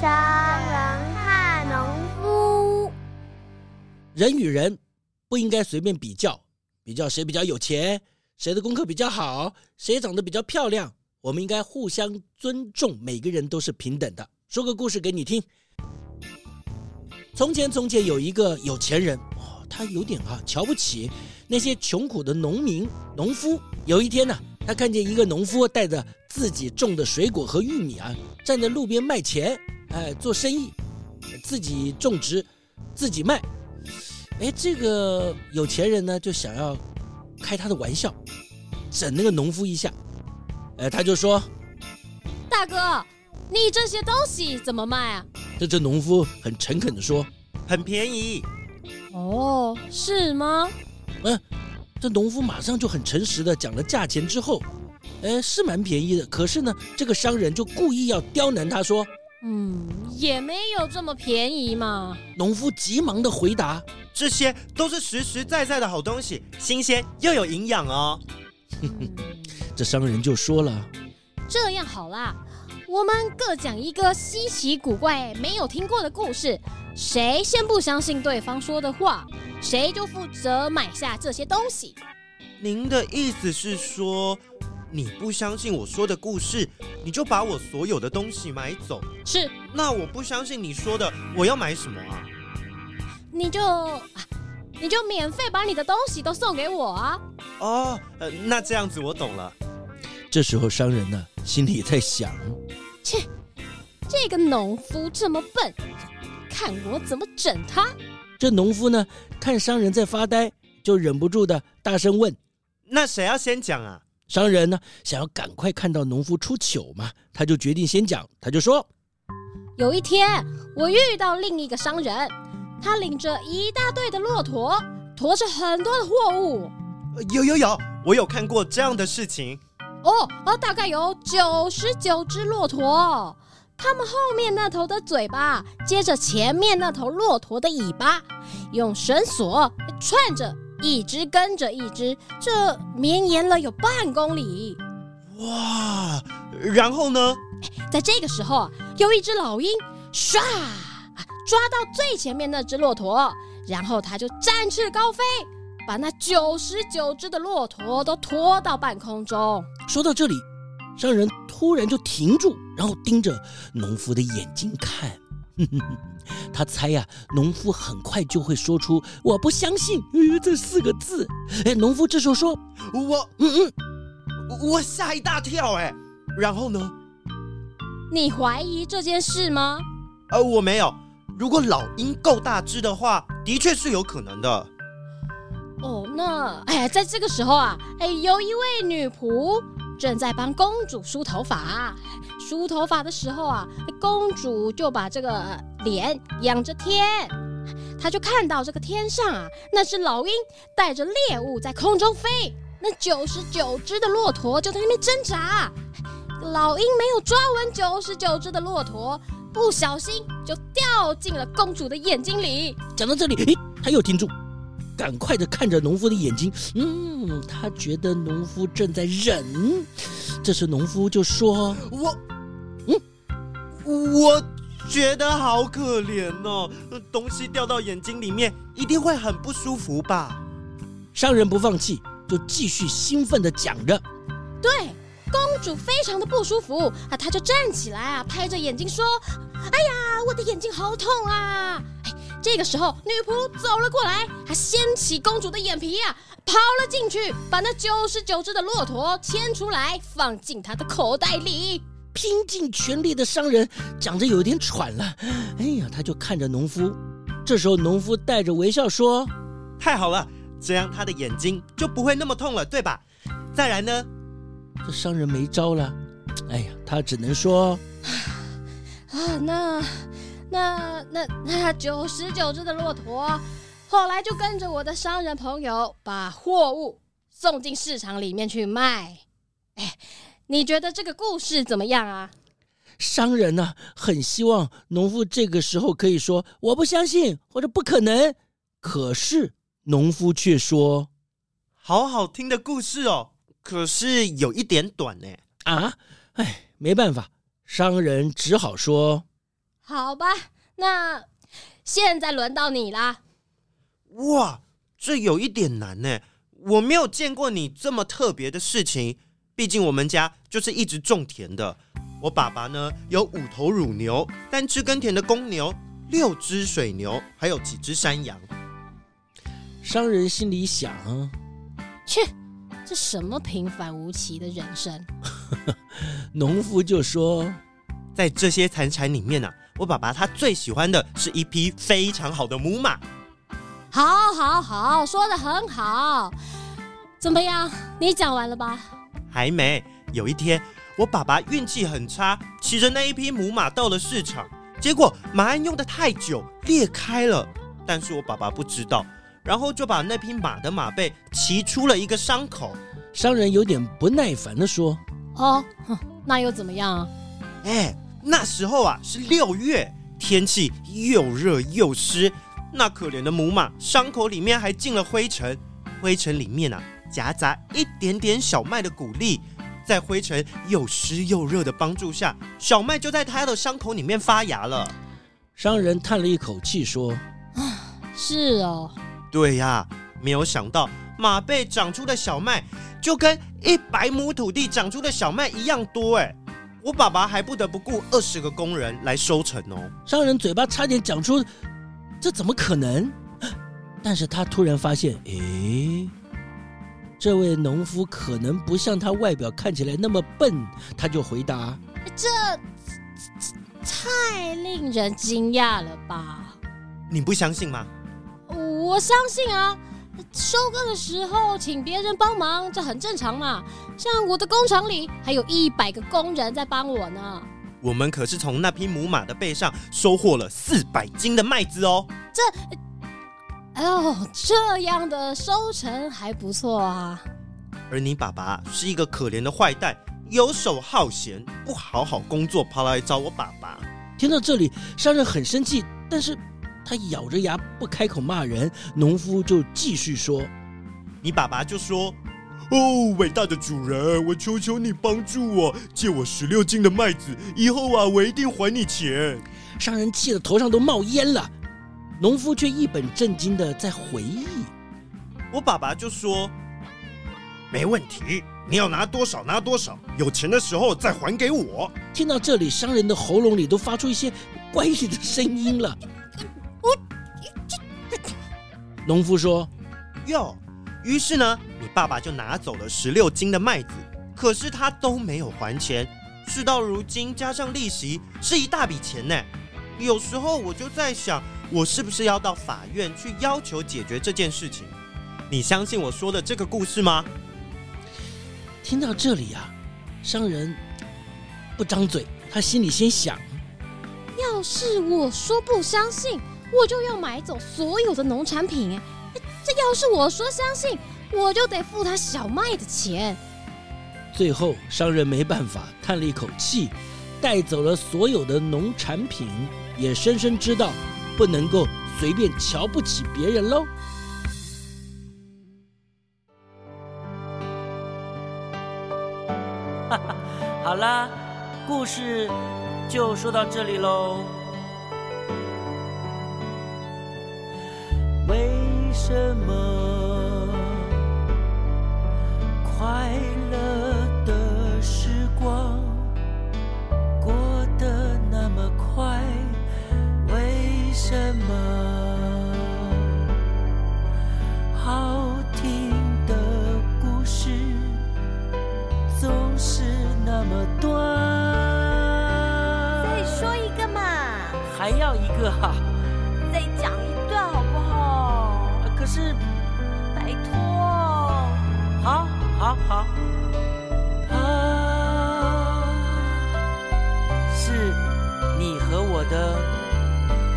商人跟農夫，人與人不應該隨便比較，比較誰比較有錢，誰的功課比較好，誰長得比較漂亮。我們應該互相尊重，每個人都是平等的。說個故事給你聽：從前，從前有一個有錢人，哦、他有點啊瞧不起那些窮苦的農民、農夫。有一天呢、啊，他看見一個農夫帶着自己種的水果和玉米啊，站在路邊賣錢。哎，做生意，自己種植，自己賣。哎，這個有錢人呢，就想要開他的玩笑，整那個農夫一下。哎，他就說：“大哥，你這些東西怎麼賣啊？”這這農夫很誠懇的說：“很便宜。”哦，是嗎？嗯，這農夫馬上就很誠實的講了價錢之後，呃，是蠻便宜的。可是呢，這個商人就故意要刁難他，說。嗯，也沒有這麼便宜嘛！農夫急忙地回答：“這些都是實實在在的好東西，新鮮又有營養哦。”呵呵，這商人就說了：“這樣好啦，我們各講一個稀奇古怪、沒有聽過的故事，誰先不相信對方說的話，誰就負責買下這些東西。”您的意思是說？你不相信我說的故事，你就把我所有的東西買走。是。那我不相信你說的，我要買什麼啊？你就，你就免費把你的東西都送給我啊。哦，呃，那這樣子我懂了。這時候商人呢，心裡也在想：切，這個農夫這麼笨，看我怎麼整他。這農夫呢，看商人在發呆，就忍不住的大聲問：那誰要先講啊？商人呢，想要趕快看到農夫出糗嘛，他就決定先講。他就說：“有一天，我遇到另一個商人，他領着一大隊的駱駝，馱着很多的貨物。有有有，我有看過這樣的事情哦。哦、啊、大概有九十九隻駱駝，他們後面那頭的嘴巴接着前面那頭駱駝的尾巴，用繩索串着。”一隻跟着一隻，這綿延了有半公里，哇！然後呢？在這個時候啊，有一隻老鷹唰抓到最前面那隻駱駝，然後它就展翅高飛，把那九十九隻的駱駝都拖到半空中。說到這裡，商人突然就停住，然後盯着農夫的眼睛看。 他猜呀，啊，農夫很快就會說出“我不相信”這四個字。哎，農夫這時候說：“我，嗯嗯，我，我嚇一大跳。”哎，然後呢？你懷疑這件事嗎？呃，我沒有。如果老鷹夠大隻的話，的確是有可能的。哦，那，哎在這個時候啊，哎，有一位女僕。正在幫公主梳頭髮，梳頭髮的時候啊，公主就把這個臉仰着天，她就看到這個天上啊，那只老鷹帶着獵物在空中飛，那九十九隻的駱駝就在那邊掙扎，老鷹沒有抓穩九十九隻的駱駝，不小心就掉進了公主的眼睛裡。講到這裡，誒，他又停住。趕快的看着農夫的眼睛，嗯，他覺得農夫正在忍。這時農夫就說：“我，嗯，我覺得好可憐哦，東西掉到眼睛裡面一定會很不舒服吧。”商人不放棄，就繼續興奮的講着：“對，公主非常的不舒服啊，她就站起來啊，拍着眼睛說：‘哎呀，我的眼睛好痛啊！’”這個時候，女僕走了過來，她掀起公主的眼皮呀，啊，跑了進去，把那九十九隻的駱駝牽出來，放進她的口袋裡。拼盡全力的商人講得有點喘了，哎呀，他就看着農夫。這時候，農夫帶着微笑說：“太好了，這樣他的眼睛就不會那麼痛了，對吧？”再來呢，這商人沒招了，哎呀，他只能說：“啊，啊那。”那那那九十九隻的駱駝，後來就跟着我的商人朋友，把貨物送進市場裡面去賣。哎，你覺得這個故事怎麼樣啊？商人呢、啊，很希望農夫這個時候可以說我不相信或者不可能，可是農夫卻說：“好好聽的故事哦，可是有一點短呢。”啊，哎，沒辦法，商人只好說。好吧，那現在輪到你啦。哇，這有一點難呢。我沒有見過你這麼特別的事情。畢竟我們家就是一直種田的。我爸爸呢，有五頭乳牛，三隻耕田的公牛，六隻水牛，還有幾隻山羊。商人心裡想：去，這什麼平凡無奇的人生？ 農夫就說：在這些財產裡面呢、啊。我爸爸他最喜歡的是一匹非常好的母馬。好，好，好，說得很好。怎麼樣？你講完了吧？還沒。有一天，我爸爸運氣很差，騎着那一匹母馬到了市場，結果馬鞍用得太久裂開了，但是我爸爸不知道，然後就把那匹馬的馬背騎出了一個傷口。商人有點不耐煩的說：“哦，那又怎麼樣啊？”哎。那時候啊，是六月，天氣又熱又濕。那可憐的母馬傷口裡面還進了灰塵，灰塵裡面啊夾雜一點點小麥的谷粒。在灰塵又濕又熱的幫助下，小麥就在它的傷口裡面發芽了。商人嘆了一口氣說：“啊，是哦，對呀，啊，沒有想到馬背長出的小麥，就跟一百畝土地長出的小麥一樣多，誒。我爸爸還不得不雇二十個工人來收成哦。商人嘴巴差點講出，這怎麼可能？但是他突然發現，誒，這位農夫可能不像他外表看起來那麼笨。他就回答：這，這，這太令人驚訝了吧？你不相信嗎？我相信啊。收割的時候請別人幫忙，這很正常嘛。像我的工廠裡還有一百個工人在幫我呢。我們可是從那匹母馬的背上收穫了四百斤的麥子哦。這，哦，這樣的收成還不錯啊。而你爸爸是一個可憐的壞蛋，游手好閒，不好好工作，跑來找我爸爸。聽到這裡，商人很生氣，但是，他咬着牙不開口罵人，農夫就繼續說：“你爸爸就說，哦，偉大的主人，我求求你幫助我，借我十六斤的麥子，以後啊，我一定還你錢。”商人氣得頭上都冒煙了，農夫卻一本正經的在回憶：“我爸爸就說，沒問題，你要拿多少拿多少，有錢的時候再還給我。”聽到這裡，商人的喉嚨裡都發出一些怪異的聲音了。我這農夫說：“喲，於是呢，你爸爸就拿走了十六斤的麥子，可是他都沒有還錢。事到如今，加上利息，是一大筆錢呢。有時候我就在想，我是不是要到法院去要求解決這件事情？你相信我說的這個故事嗎？”聽到這裡啊，商人不張嘴，他心裡先想：“要是我說不相信。”我就要買走所有的農產品。啊，這要是我說相信，我就得付他小麥的錢。最後，商人沒辦法，嘆了一口氣，帶走了所有的農產品，也深深知道不能夠隨便瞧不起別人嘍。好了，故事就說到這裡嘍。什麼快樂的時光過得那麼快？為什麼好聽的故事總是那麼短？再說一個嘛，還要一個哈、啊。是，拜託，好好好，好，好、啊，是你和我的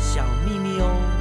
小祕密哦。